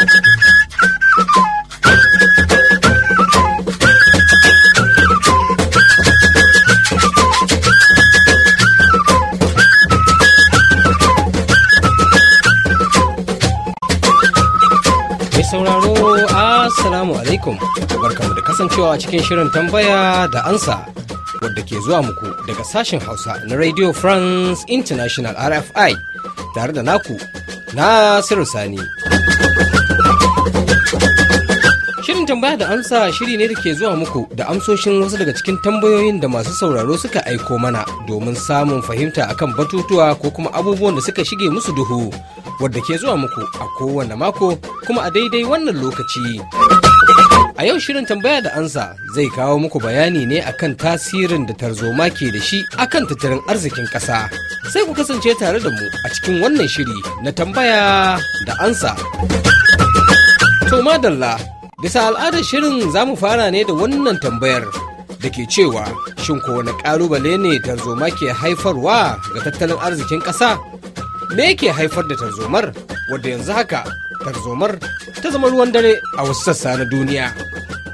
sauraro assalamu alaikum barkamu da kasancewa cikin shirin tambaya da ansa wadda ke zuwa muku daga sashen hausa na radio france international rfi tare da naku nasiru sani tambaya da amsa shiri ne da ke zuwa muku da amsoshin wasu daga cikin tambayoyin da masu sauraro suka aiko mana domin samun fahimta akan batutuwa ko kuma abubuwan da suka shige musu duhu wadda ke zuwa muku a kowane mako kuma a daidai wannan lokaci. A yau shirin tambaya da ansa zai kawo muku bayani ne akan tasirin da tarzoma ke da shi akan tattalin arzikin ƙasa. Sai ku kasance tare da mu a cikin wannan shiri na tambaya da ansa. To madalla Bisa al'adar shirin za mu fara ne da wannan tambayar da ke cewa shin ko kowane ƙalubale ne tarzoma ke haifarwa ga tattalin arzikin ƙasa? Me ke haifar da tarzomar wadda yanzu haka tarzomar ta zama ruwan dare a wasu sassa na duniya?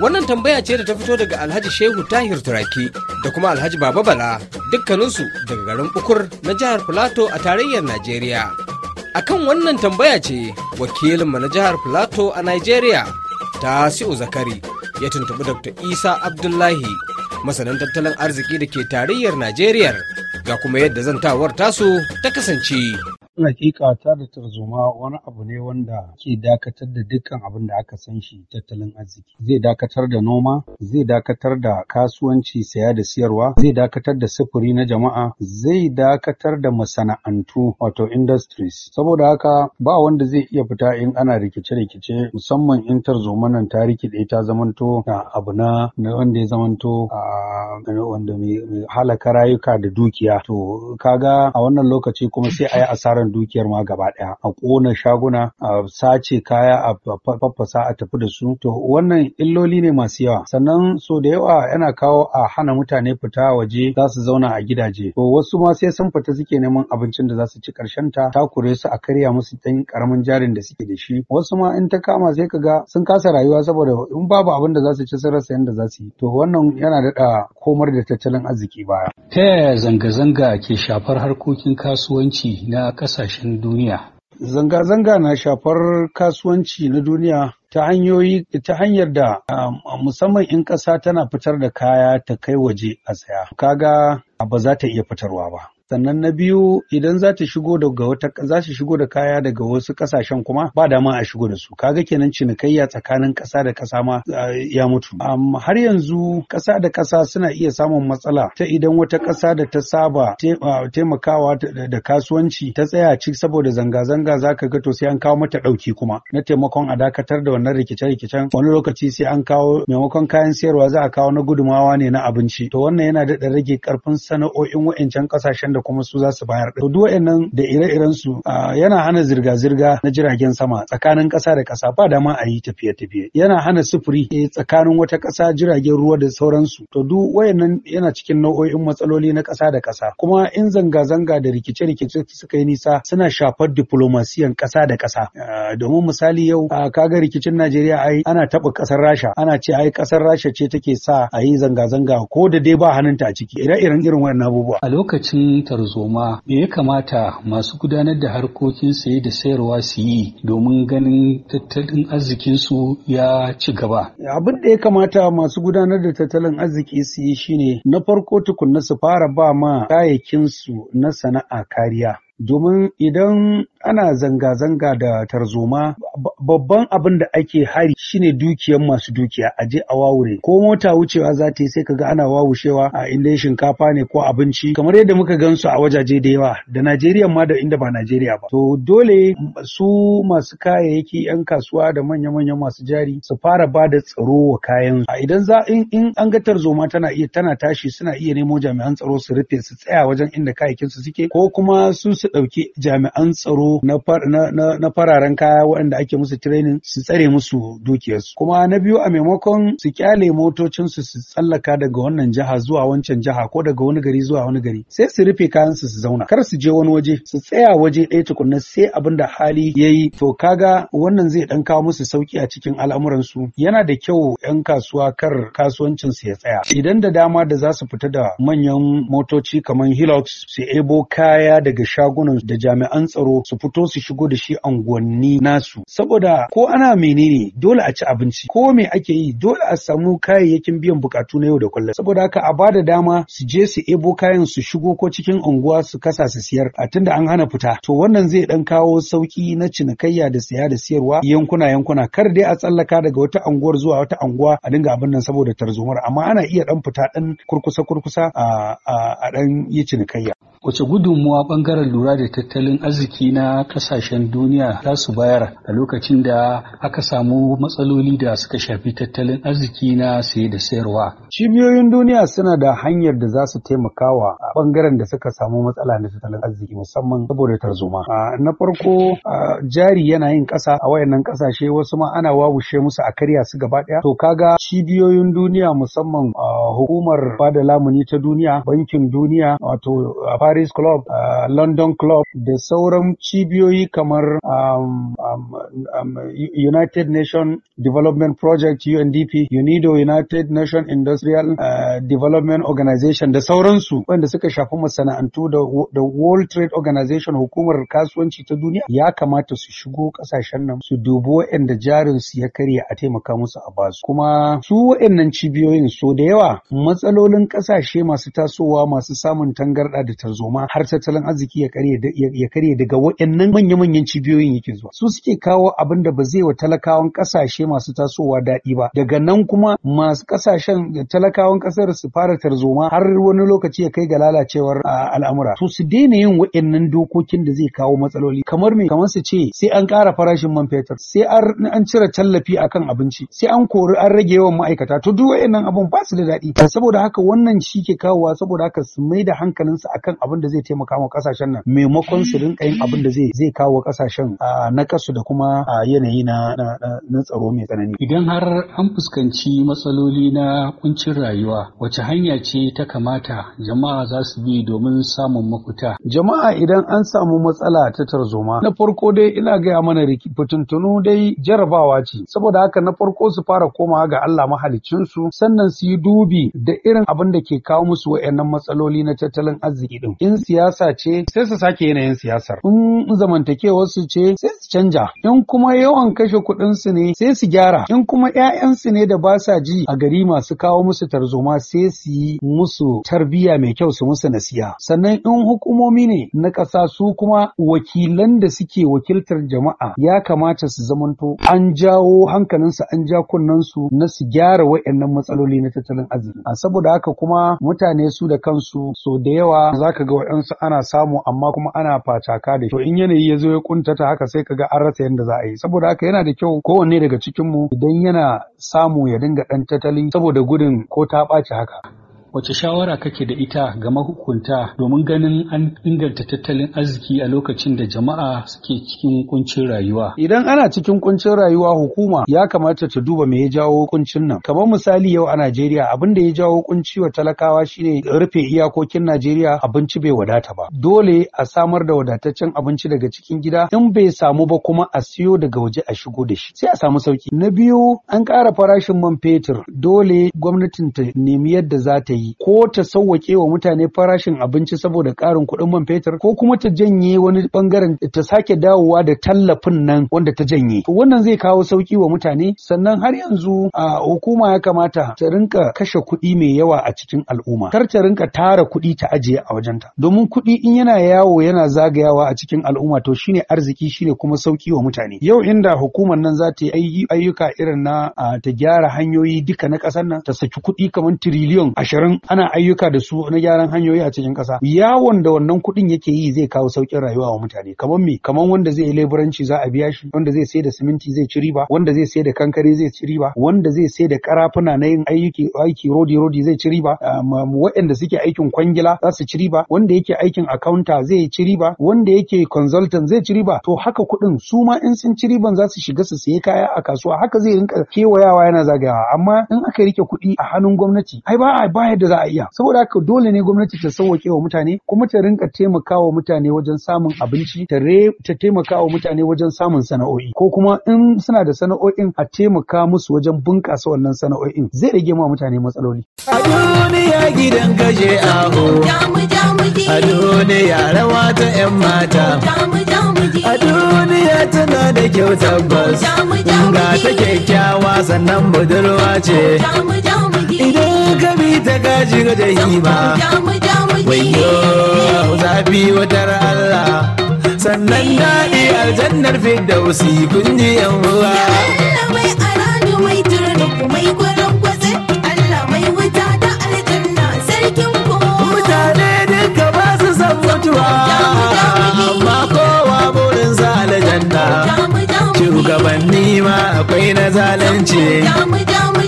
Wannan tambaya ce da ta fito daga Alhaji Shehu Tahir Turaki da kuma Alhaji Baba Bala dukkaninsu daga garin Bukur na jihar Filato a tarayyar Najeriya. Akan wannan tambaya ce wakilinmu na jihar Filato a Najeriya tasiu zakari ya tuntuɓi dr isa abdullahi masanin tattalin arziki da ke tarayyar najeriya ga kuma yadda zantawar tasu ta kasance hakika tada tarzoma wani abu ne wanda ke dakatar da dukkan abin da aka san shi tattalin arziki. Zai dakatar da noma, zai dakatar da kasuwanci saya da siyarwa, zai dakatar da sufuri na jama'a, zai dakatar da masana'antu wato industries. Saboda haka ba wanda zai iya fita in ana rikice-rikice musamman in tarzoma nan ta rikide ta zamanto abu na wanda ya zamanto wanda mai halaka rayuka da dukiya. To kaga a wannan lokaci kuma sai a yi asarar asaran dukiyar ma gaba ɗaya a ƙona shaguna a sace kaya a faffasa a tafi da su to wannan illoli ne masu yawa sannan so da yawa yana kawo a hana mutane fita waje za su zauna a gidaje to wasu ma sai sun fita suke neman abincin da za su ci karshen ta Ta takure su a karya musu ɗan ƙaramin jarin da suke da shi wasu ma in ta kama sai ka ga sun kasa rayuwa saboda in babu abin da za su ci sun rasa yadda za su yi to wannan yana daɗa komar da tattalin arziki baya. Ta yaya zanga-zanga ke shafar harkokin kasuwanci na ƙasa kasashen duniya. Zanga-zanga na shafar kasuwanci na duniya ta hanyoyi ta hanyar da musamman in ƙasa tana fitar da kaya ta kai waje a saya. Kaga ba za ta iya fitarwa ba. sannan na biyu idan za ta shigo daga wata za su shigo da kaya daga wasu kasashen kuma ba dama a shigo da su kaga kenan cinikayya tsakanin ƙasa da kasa ma eh, ya mutu har yanzu kasa da kasa suna iya samun matsala ta idan wata kasa da ta saba ah, taimakawa da kasuwanci ta tsaya cik saboda zanga-zanga za ka ga to sai an kawo mata ɗauki kuma na taimakon a dakatar da wannan rikice-rikicen wani lokaci sai an kawo maimakon kayan sayarwa za a kawo na gudumawa ne na abinci to wannan yana da rage karfin sana'o'in wa'ancan ƙasashen Da kuma su za su bayar. da duwa nan da ire-iren su yana hana zirga-zirga na jiragen sama tsakanin ƙasa da ƙasa ba dama a yi tafiye-tafiye. Yana hana sufuri eh, tsakanin wata ƙasa jiragen ruwa da sauransu. To duk wayannan yana cikin nau'o'in matsaloli na ƙasa da ƙasa. Kuma in zanga-zanga da rikice-rikice suka yi nisa suna shafar diplomasiyan ƙasa da ƙasa. Domin misali yau kaga rikicin Najeriya ai ana taɓa ƙasar Rasha ana ce ai ƙasar Rasha ce take sa a yi zanga-zanga ko da dai ba hannunta a ciki ire-iren irin wannan abubuwa. A lokacin fahimtar zoma me ya kamata masu gudanar da harkokin saye da sayarwa su yi domin ganin tattalin arzikinsu ya ci gaba. Abin da ya kamata masu gudanar da tattalin arziki su yi shine na farko tukunna su fara ba ma su na sana'a kariya. domin idan ana zanga-zanga da tarzoma babban abin da ake hari shine dukiyar masu dukiya a je a wawure ko mota wucewa za ta yi sai kaga ana wawushewa a inda shinkafa ne ko abinci kamar yadda muka gan su a wajaje da yawa da Najeriya ma da inda ba Najeriya ba to dole su masu kayayyaki yan kasuwa da manya-manyan masu jari su fara ba da tsaro wa kayan a idan za in an ga tarzoma tana iya tana tashi suna iya nemo jami'an tsaro su rufe su tsaya wajen inda kayayyakin su suke ko kuma su su ɗauki jami'an tsaro na fararen kaya waɗanda ake musu training su tsare musu dukiyarsu kuma na biyu a maimakon su kyale motocinsu su tsallaka daga wannan jiha zuwa wancan jiha ko daga wani gari zuwa wani gari sai su rufe kayansu su zauna kar su je wani waje su tsaya waje ɗaya tukunna sai abin da hali ya yi to kaga wannan zai ɗan kawo musu sauki a cikin al'amuransu yana da kyau 'yan kasuwa kar kasuwancinsu ya tsaya idan da dama da za su fita da manyan motoci kamar hilux su ebo kaya daga shago shagunan da jami'an tsaro su fito su shigo da shi unguwanni nasu saboda ko ana menene dole a ci abinci ko me ake yi dole a samu kayayyakin biyan bukatu na yau da kullum saboda haka a bada dama su je su ebo kayan su shigo ko cikin unguwa su kasa su siyar a tunda an hana fita to wannan zai dan kawo sauki na cinikayya da siya da siyarwa yankuna yankuna kar dai a tsallaka daga wata unguwar zuwa wata unguwa a dinga abin nan saboda tarzomar amma ana iya dan fita dan kurkusa kurkusa a dan yi cinikayya wace gudunmuwa bangaren lura da tattalin arziki na kasashen duniya za su bayar a lokacin da aka samu matsaloli da suka shafi tattalin arziki na saye da sayarwa. Cibiyoyin duniya suna da hanyar da za su taimakawa wa bangaren da suka samu matsala na tattalin arziki musamman saboda tarzoma. Na farko jari yana yin ƙasa a wayannan ƙasashe wasu ma ana wawushe musu a karya su gaba ɗaya. To kaga cibiyoyin duniya musamman hukumar bada lamuni ta duniya bankin duniya wato Paris Club, uh, London Club da sauran cibiyoyi kamar um, um, um, United Nation Development Project UNDP, UNIDO United Nation Industrial uh, Development Organization da sauransu wanda suka shafi masana'antu da World Trade Organization hukumar kasuwanci ta duniya ya kamata su shigo kasashen nan su dubi wayanda jarin su ya karya a taimaka musu a basu. Kuma su nan cibiyoyin so da yawa matsalolin kasashe masu tasowa masu samun tangarɗa da tarzoma. Zoma har tattalin arziki ya karye daga waɗannan manya-manyan cibiyoyin yake zuwa su suke kawo abin da ba zai wa talakawan ƙasashe masu tasowa daɗi ba daga nan kuma masu ƙasashen talakawan ƙasar su fara tarzoma har wani lokaci ya kai ga lalacewar al'amura to su daina yin waɗannan dokokin da zai kawo matsaloli kamar me kamar su ce sai an ƙara farashin man fetur sai an cire tallafi akan abinci sai an kori an rage yawan ma'aikata to duk waɗannan abun ba su da daɗi saboda haka wannan shi ke kawowa saboda haka su mai da hankalinsu akan abin abin da zai taimaka wa kasashen nan maimakon su rinka yin abin da zai zai kawo kasashen na kasu da kuma a yanayi na na tsaro mai tsanani idan har an fuskanci matsaloli na kuncin rayuwa wace hanya ce ta kamata jama'a za su bi domin samun mafita jama'a idan an samu matsala ta tarzoma na farko dai ina gaya mana fitintunu dai jarabawa ce saboda haka na farko su fara komawa ga Allah mahaliccinsu sannan su yi dubi da irin abin da ke kawo musu wa'annan matsaloli na tattalin arziki din in siyasa ce sai su sake yanayin siyasar in zamantakewar su ce sai su canja in kuma yawan kashe kuɗin su ne sai su gyara in kuma ƴaƴan su ne da ba sa ji a gari masu kawo musu tarzoma sai su yi musu tarbiyya mai kyau su musu nasiya sannan in hukumomi ne na ƙasa su kuma wakilan da suke wakiltar jama'a ya kamata su zamanto an jawo hankalinsu an ja kunnensu na su gyara wayannan matsaloli na tattalin arziki saboda haka kuma mutane su da kansu so da yawa za ka. kaga waɗansu ana samu amma kuma ana facaka da shi to in yanayi ya zo ya kuntata haka sai kaga an rasa yadda za a yi saboda haka yana da kyau kowanne daga cikin mu idan yana samu ya dinga ɗan tattali saboda gudun ko ta ɓaci haka wace shawara kake da ita ga mahukunta domin ganin an inganta tattalin arziki a lokacin da jama'a suke cikin kuncin rayuwa? Idan ana cikin kuncin rayuwa hukuma ya kamata ta duba me ya jawo kuncin nan. Kamar misali yau a Najeriya abin da ya jawo kunci wa talakawa shine rufe iyakokin Najeriya abinci bai wadata ba. Dole a samar da wadataccen abinci daga cikin gida in bai samu ba kuma a siyo daga waje a shigo da shi. Sai a samu sauki. Na biyu an ƙara farashin man fetur dole gwamnatin ta nemi yadda za ta yi ko ta sauwake wa mutane farashin abinci saboda ƙarin kuɗin man fetur ko kuma ta janye wani bangaren ta sake dawowa da tallafin nan wanda ta janye to wannan zai kawo sauki wa mutane sannan har yanzu a hukuma ya kamata ta rinka kashe kuɗi mai yawa a cikin al'umma kar ta rinka tara kuɗi ta ajiye a wajenta domin kuɗi in yana yawo yana zagayawa a cikin al'umma to shine arziki shine kuma sauki wa mutane yau inda hukumar nan za ta yi ayyuka irin na ta gyara hanyoyi duka na ƙasar nan ta saki kuɗi kamar tiriliyon ashirin ana ayyuka da su na gyaran hanyoyi a cikin ƙasa yawon da wannan kuɗin yake yi zai kawo sauƙin rayuwa wa mutane kamar me kamar wanda zai yi leburanci za a biya shi wanda zai sai da siminti zai ci riba wanda zai sai da kankare zai ci riba wanda zai sai da karafuna na yin aiki aiki rodi rodi zai ci riba um, um, waɗanda suke aikin kwangila za su ci riba wanda yake aikin akawunta zai ci riba wanda yake consultant zai ci riba to haka kuɗin su ma in sun ci riban za su shiga su sayi kaya a kasuwa haka zai rinka kewayawa yana zagayawa amma in aka rike kuɗi a hannun gwamnati ai ba bayar yadda za a iya saboda haka dole ne gwamnati ta sauwaƙe wa mutane kuma ta rinka taimakawa mutane wajen samun abinci ta ta taimakawa mutane wajen samun sana'o'i ko kuma in suna da sana'o'in a taimaka musu wajen bunƙasa wannan sana'o'in zai rage ma mutane matsaloli a duniya gidan gaje aho a duniya rawa ta 'yan mata a duniya tana da kyau tabbas ga ta kyakkyawa sannan budurwa ce idan ka bi ta gaji ga jahima wayo zafi watar Allah sannan daɗi aljannar firdausi kun ji yan ruwa. da aljanna sarkin kowa mutane duka ba su san mutuwa amma kowa burinsa aljanna shugabanni ma akwai na zalunci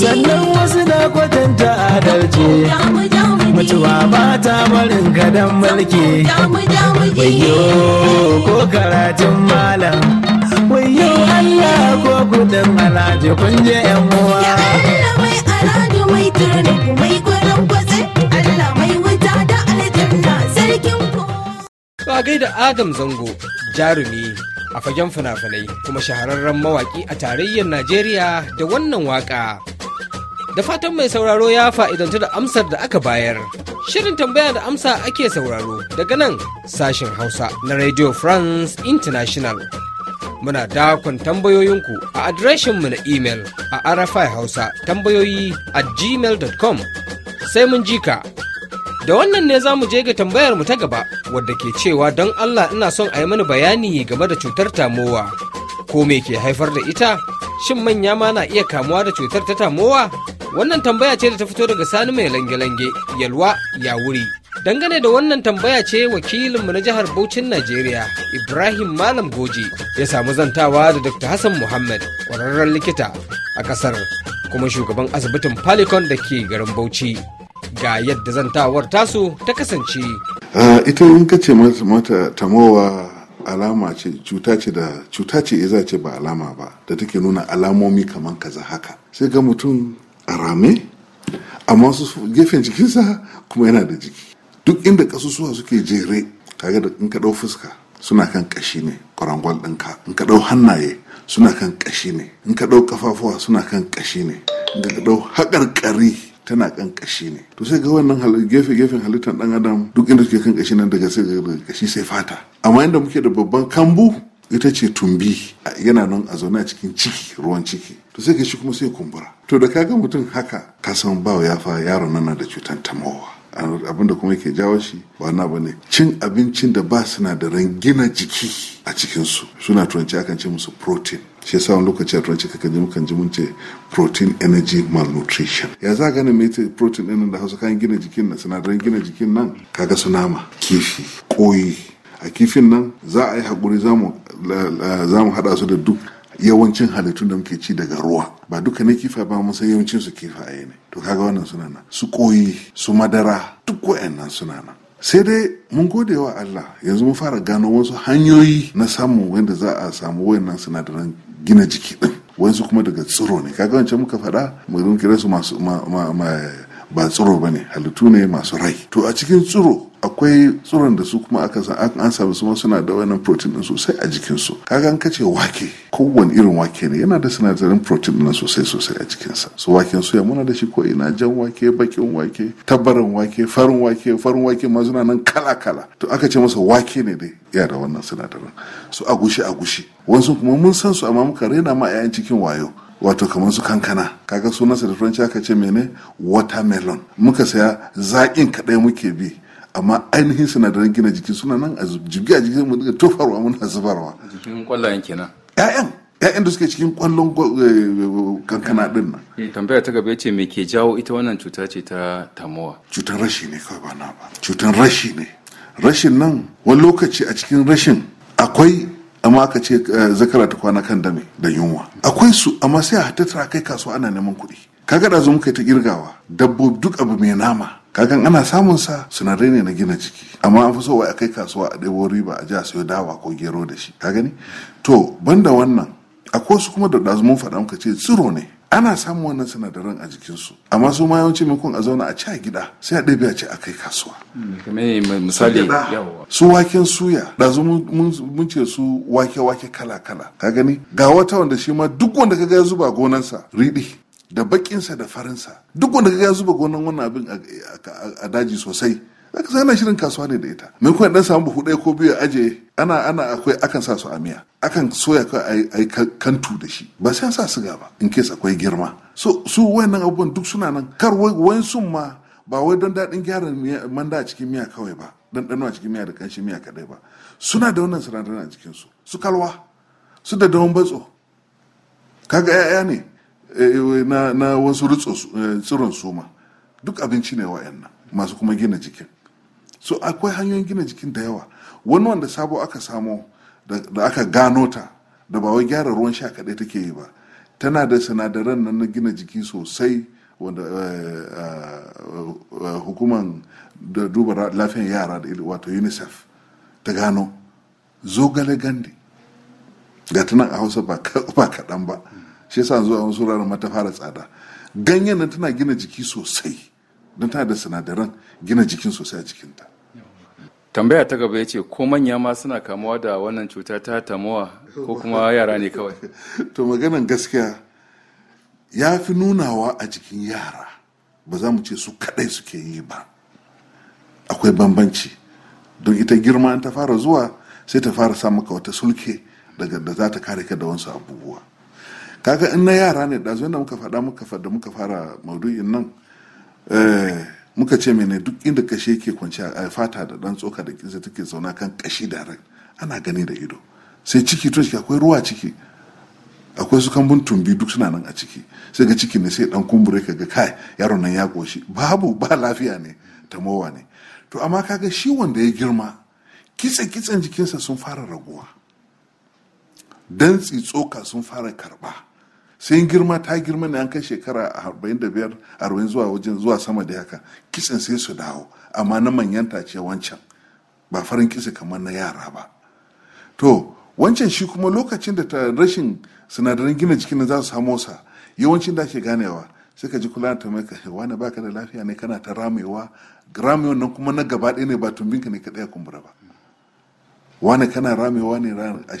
sannan wasu na kwatanta adalci mutuwa ba ta barin kadan mulki wayo ko karatun malam wayo allah ko kudin alhaji kun je yan uwa Ba gaida Adam Zango, jarumi a fagen fina-finai kuma shahararren mawaki a tarayyar Najeriya da wannan waka. Da fatan mai sauraro ya fa'idanta da amsar da aka bayar. Shirin tambaya da amsa ake sauraro daga nan Sashen Hausa na Radio France International. Muna dakon tambayoyinku a adireshinmu na imel a arafa hausa tambayoyi a gmail.com sai mun ji ka. Da wannan ne za mu je ga tambayar mu ta gaba wadda ke cewa don Allah ina son a yi mani bayani game da cutar tamowa. Ko me ke haifar da ita? Shin manya ma na iya kamuwa da cutar ta tamowa? Wannan tambaya ce da ta fito daga Sani mai lange-lange, Yalwa ya wuri. Dangane da wannan tambaya ce wakilinmu na jihar Bauchin Najeriya, Ibrahim Malam Goji, ya samu zantawa da Dr. Hassan Muhammad, ƙwararren likita a ƙasar, kuma shugaban asibitin Palikon da ke garin Bauchi. Ga yadda zantawar tasu ta kasance. ita in ka ce mata tamowa alama ce cuta ce da cuta ce eh, ba alama ba da take nuna alamomi kamar kaza haka sai ga mutum a rame amma su gefen jikinsa kuma yana da jiki duk inda kasusuwa suke jere kaga da in ka dau fuska suna kan kashi ne kwarangwal ɗinka in ka dau hannaye suna kan kashi ne in ka dau kafafuwa suna kan kashi ne in ka dau haƙarƙari tana kan kashi ne to sai ga wannan gefe gefen halittar ɗan adam duk inda suke kan kashi nan daga sai ga kashi sai fata amma inda muke da babban kambu ita ce tumbi yana nan a zaune a cikin ciki ruwan ciki to sai ka shi kuma sai kumbura to da kaga mutum haka ka san ba ya fa yaron nan da cutan tamowa abinda kuma yake jawo shi ba na ba ne cin abincin da ba sinadaran gina jiki a cikinsu suna turanci akan ce musu protein shi yasa wani lokaci a turanci kaka ji mukan ji mun ce protein energy malnutrition ya za ganin me ta protein ɗin da hausa kayan gina jikin nan sinadaran gina jikin nan kaga su nama kifi koyi a kifin nan za a yi haƙuri za mu haɗa su da duk yawancin halittun da muke ci daga ruwa ba duka na kifa ba mun san yawancin su kifaye ne to kaga wannan suna nan su koyi su madara duk wayannan suna nan sai dai mun gode wa Allah yanzu mun fara gano wasu hanyoyi na samun wanda za a samu wayannan sinadaran gina jiki din wasu kuma daga tsiro ne kaga wancan muka faɗa mu kira su masu ba tsiro bane halittu ne masu rai to a cikin tsiro akwai tsoron da su kuma aka san an samu su suna da wannan protein din sosai a jikin su kaga an kace wake kowane irin wake ne yana da sinadarin protein din sosai sosai a jikin sa su waken suya muna da shi ko ina jan wake bakin wake tabarin wake farin wake farin wake ma suna nan kala kala to aka ce masa wake ne dai ya da wannan sinadarin su agushi agushi wasu kuma mun san su amma muka rena ma 'ya'yan cikin wayo wato kamar su kankana kaga sunansa da turanci aka ce mene watermelon muka saya zaƙin kaɗai muke bi amma ainihin sinadaran gina jiki suna nan a jibgi a jikin mu dinga tofarwa muna zubarwa jikin kwallon kenan ƴaƴan ya'yan da suke cikin kwallon eh, kankana din nan eh, tambaya ta gaba ce me ke jawo ita wannan cuta ce ta tamowa cutar rashi ne kawai ba na ba cutar rashi ne rashin nan wani lokaci a cikin rashin akwai amma aka ce eh, zakara ta kwana kan dame da yunwa akwai su amma sai a tattara kai kasuwa ana neman kuɗi kaga da zo muka ta girgawa dabbobi duk abu mai nama kaga ana samun sa sinadarai ne na gina jiki amma an fi so a kai kasuwa a ɗebo riba a ji a sayo dawa ko gero da shi ka gani to banda wannan akwai wasu kuma da mun faɗa muka ce tsiro ne ana samun wannan sinadaran a jikinsu amma su ma yawanci mukun a zauna a ci a gida sai a ɗabi a ce a kai kasuwa hmm, misali su waken suya ɗazu mun ce su wake wake kala kala ka gani ga wata wanda shi ma duk wanda ka ga ya zuba gonarsa riɗi da bakinsa da farinsa duk wanda ya zuba gonan wannan abin a daji sosai zaka sai ana shirin kasuwa ne da ita mai kuma dan samu buhu ɗaya ko biyu aje ana ana akwai akan sa su a miya akan soya ka ai kantu da shi ba sai an sa siga ba in kesa akwai girma so su wayannan abubuwan duk suna nan kar wai sun ma ba wai don daɗin gyaran manda a cikin miya kawai ba ɗanɗano a cikin miya da ƙanshin miya kaɗai ba suna da wannan sinadaran a cikinsu su kalwa su da dawan batso kaga 'ya'ya ne Eh, eh, na wasu eh, tsiron suma duk abinci ne wa'annan masu kuma gina jikin so akwai hanyoyin gina jikin da yawa wani wanda sabo aka samo da aka gano ta da ba wai gyara ruwan sha kaɗai take yi ba tana da sinadaran nan na gina jiki sosai wanda hukuman da duba lafiyan yara da wato unicef ta gano zogale gandi ga tunan a hausa ba kaɗan ba shi yasa zuwa wasu wuraren ma fara tsada ganyen nan tana gina jiki sosai don tana da sinadaran gina jikin sosai a jikinta tambaya ta gaba ya ce ko manya ma suna kamuwa da wannan cuta ta tamuwa ko kuma yara ne kawai to maganan gaskiya ya fi nunawa a jikin yara ba za mu ce su kadai suke yi ba akwai bambanci don ita girma ta fara zuwa sai ta fara sa maka wata sulke daga da za ta kare ka da wasu abubuwa kaga in na yara ne ɗazu yadda muka faɗa muka faɗa muka fara maudu'in nan eh, muka ce mene duk inda kashe ke kwanci a fata da ɗan tsoka da kinsa take zauna kan kashi da rai ana gani da ido sai ciki to ciki akwai ruwa ciki akwai su kambun tumbi duk suna nan a ciki sai ga ciki ne sai ɗan kumbure ka ga kai yaro nan ya ƙoshi, babu ba lafiya ne ta mowa ne to amma kaga shi wanda ya girma kitse kitsen jikinsa sun fara raguwa dantsi tsoka sun fara karba sai girma ta girma ne an kai shekara 45 40 zuwa wajen zuwa sama da haka kitsin sai su dawo amma na manyan ce wancan ba farin kitsi kamar na yara ba to wancan shi kuma lokacin da ta rashin sinadaran gina jikin za su samo sa yawancin da ake ganewa sai ka ji kula ta mai kashe wani baka da lafiya ne kana ta ramewa ramewa nan kuma na gaba ɗaya ne ba tumbinka ne ka ɗaya kumbura ba wani kana ramewa ne a